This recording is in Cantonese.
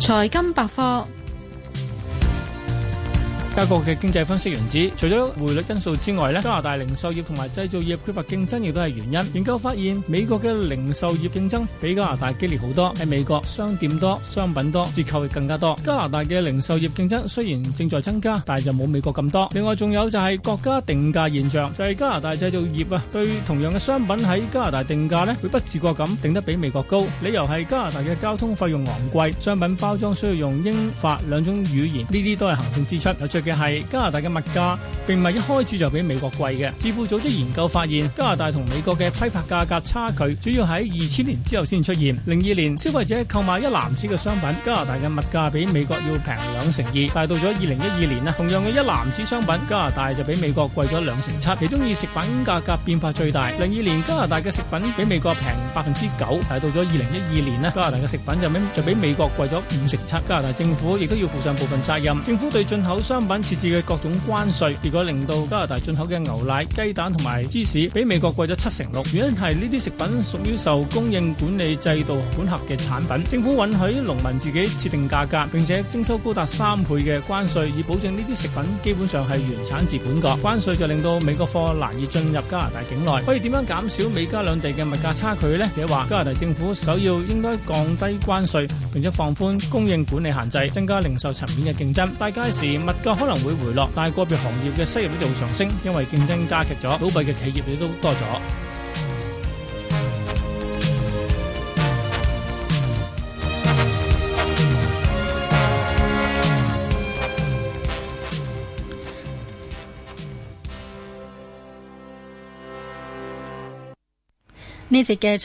財金百貨。加國嘅經濟分析員指，除咗匯率因素之外咧，加拿大零售業同埋製造業缺乏競爭亦都係原因。研究發現，美國嘅零售業競爭比加拿大激烈好多。喺美國，商店多，商品多，折扣亦更加多。加拿大嘅零售業競爭雖然正在增加，但係就冇美國咁多。另外仲有就係國家定價現象，就係加拿大製造業啊，對同樣嘅商品喺加拿大定價咧，會不自覺咁定得比美國高。理由係加拿大嘅交通費用昂貴，商品包裝需要用英法兩種語言，呢啲都係行政支出，有最。係加拿大嘅物價，並唔係一開始就比美國貴嘅。智庫組織研究發現，加拿大同美國嘅批發價格差距，主要喺二千年之後先出現。零二年，消費者購買一籃子嘅商品，加拿大嘅物價比美國要平兩成二。但係到咗二零一二年呢，同樣嘅一籃子商品，加拿大就比美國貴咗兩成七。其中以食品價格變化最大。零二年加拿大嘅食品比美國平百分之九，但係到咗二零一二年呢，加拿大嘅食品就比就比美國貴咗五成七。加拿大政府亦都要負上部分責任，政府對進口商品。設置嘅各種關稅，結果令到加拿大進口嘅牛奶、雞蛋同埋芝士比美國貴咗七成六。原因係呢啲食品屬於受供應管理制度管轄嘅產品，政府允許農民自己設定價格，並且徵收高達三倍嘅關稅，以保證呢啲食品基本上係原產自本國。關稅就令到美國貨難以進入加拿大境內。可以點樣減少美加兩地嘅物價差距呢？即係話加拿大政府首要應該降低關稅，並且放寬供應管理限制，增加零售層面嘅競爭。但係同時，物價可能會回落，但係個別行業嘅失業率就會上升，因為競爭加劇咗，倒閉嘅企業亦都多咗。呢只嘅。